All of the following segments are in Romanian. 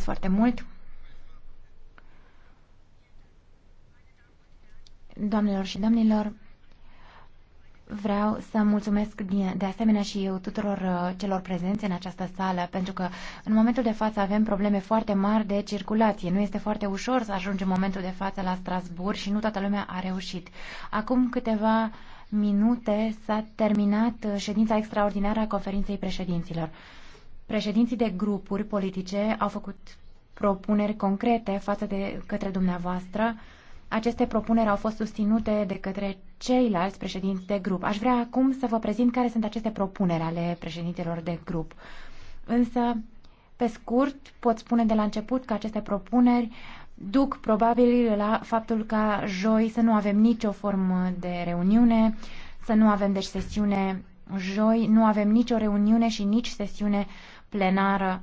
Mulțumesc foarte mult! Doamnelor și domnilor, Vreau să mulțumesc de asemenea și eu tuturor uh, celor prezenți în această sală, pentru că în momentul de față avem probleme foarte mari de circulație. Nu este foarte ușor să ajungem în momentul de față la Strasbourg și nu toată lumea a reușit. Acum câteva minute s-a terminat uh, ședința extraordinară a conferinței președinților. Președinții de grupuri politice au făcut propuneri concrete față de către dumneavoastră. Aceste propuneri au fost susținute de către ceilalți președinți de grup. Aș vrea acum să vă prezint care sunt aceste propuneri ale președintelor de grup. Însă, pe scurt, pot spune de la început că aceste propuneri duc probabil la faptul ca joi să nu avem nicio formă de reuniune, să nu avem deci sesiune joi, nu avem nicio reuniune și nici sesiune plenară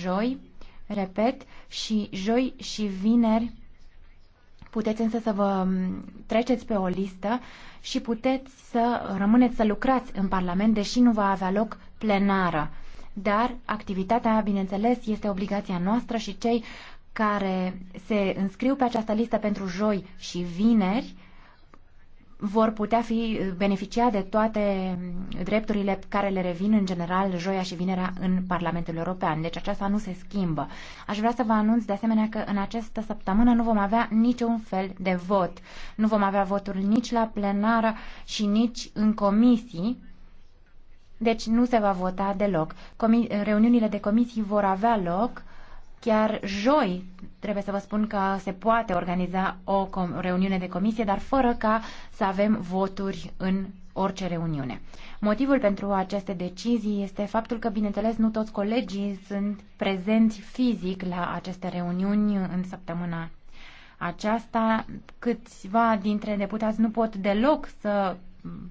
joi, repet, și joi și vineri puteți însă să vă treceți pe o listă și puteți să rămâneți să lucrați în Parlament, deși nu va avea loc plenară. Dar activitatea, bineînțeles, este obligația noastră și cei care se înscriu pe această listă pentru joi și vineri, vor putea fi beneficia de toate drepturile care le revin în general joia și vinerea în Parlamentul European. Deci aceasta nu se schimbă. Aș vrea să vă anunț de asemenea că în această săptămână nu vom avea niciun fel de vot. Nu vom avea voturi nici la plenară și nici în comisii. Deci nu se va vota deloc. Comi- reuniunile de comisii vor avea loc Chiar joi trebuie să vă spun că se poate organiza o reuniune de comisie, dar fără ca să avem voturi în orice reuniune. Motivul pentru aceste decizii este faptul că, bineînțeles, nu toți colegii sunt prezenți fizic la aceste reuniuni în săptămâna aceasta. Câțiva dintre deputați nu pot deloc să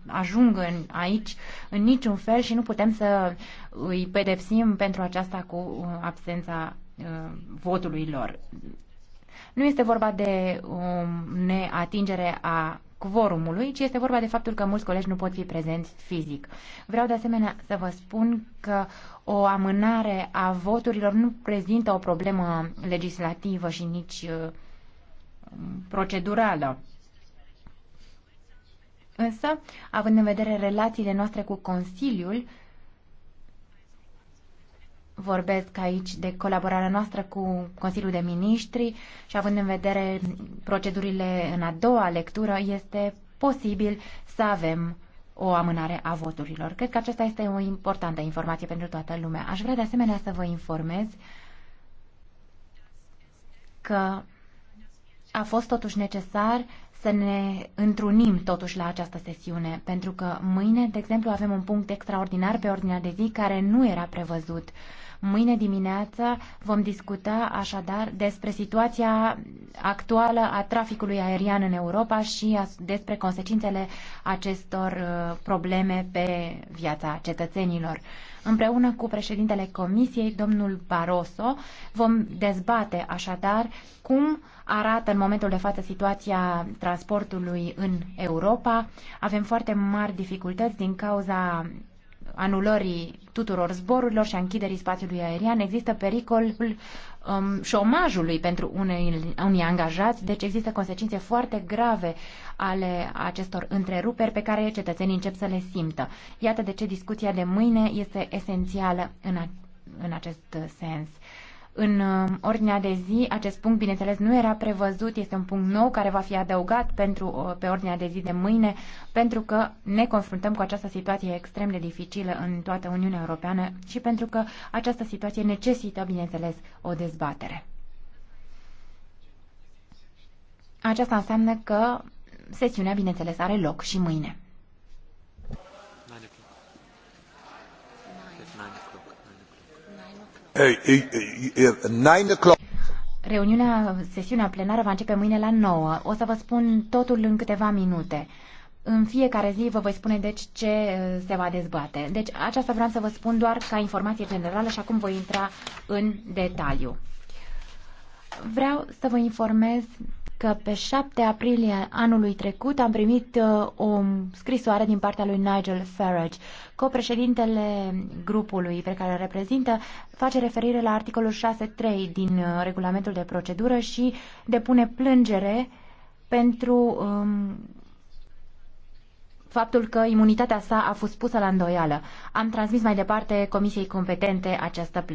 ajungă în, aici în niciun fel și nu putem să îi pedepsim pentru aceasta cu absența Uh, votului lor. Nu este vorba de o um, neatingere a quorumului, ci este vorba de faptul că mulți colegi nu pot fi prezenți fizic. Vreau de asemenea să vă spun că o amânare a voturilor nu prezintă o problemă legislativă și nici uh, procedurală. Însă, având în vedere relațiile noastre cu Consiliul, vorbesc aici de colaborarea noastră cu Consiliul de Ministri și având în vedere procedurile în a doua lectură, este posibil să avem o amânare a voturilor. Cred că aceasta este o importantă informație pentru toată lumea. Aș vrea de asemenea să vă informez că a fost totuși necesar să ne întrunim totuși la această sesiune, pentru că mâine, de exemplu, avem un punct extraordinar pe ordinea de zi care nu era prevăzut. Mâine dimineață vom discuta așadar despre situația actuală a traficului aerian în Europa și despre consecințele acestor uh, probleme pe viața cetățenilor. Împreună cu președintele Comisiei, domnul Barroso, vom dezbate așadar cum arată în momentul de față situația transportului în Europa. Avem foarte mari dificultăți din cauza anulării tuturor zborurilor și a închiderii spațiului aerian, există pericolul um, șomajului pentru unei, unii angajați, deci există consecințe foarte grave ale acestor întreruperi pe care cetățenii încep să le simtă. Iată de ce discuția de mâine este esențială în, a, în acest sens în uh, ordinea de zi. Acest punct, bineînțeles, nu era prevăzut, este un punct nou care va fi adăugat pentru, uh, pe ordinea de zi de mâine, pentru că ne confruntăm cu această situație extrem de dificilă în toată Uniunea Europeană și pentru că această situație necesită, bineînțeles, o dezbatere. Aceasta înseamnă că sesiunea, bineînțeles, are loc și mâine. Reuniunea, sesiunea plenară va începe mâine la 9. O să vă spun totul în câteva minute. În fiecare zi vă voi spune deci ce uh, se va dezbate. Deci aceasta vreau să vă spun doar ca informație generală și acum voi intra în detaliu. Vreau să vă informez că pe 7 aprilie anului trecut am primit uh, o scrisoare din partea lui Nigel Farage. Copreședintele grupului pe care îl reprezintă face referire la articolul 6.3 din uh, regulamentul de procedură și depune plângere pentru um, faptul că imunitatea sa a fost pusă la îndoială. Am transmis mai departe comisiei competente această plângere.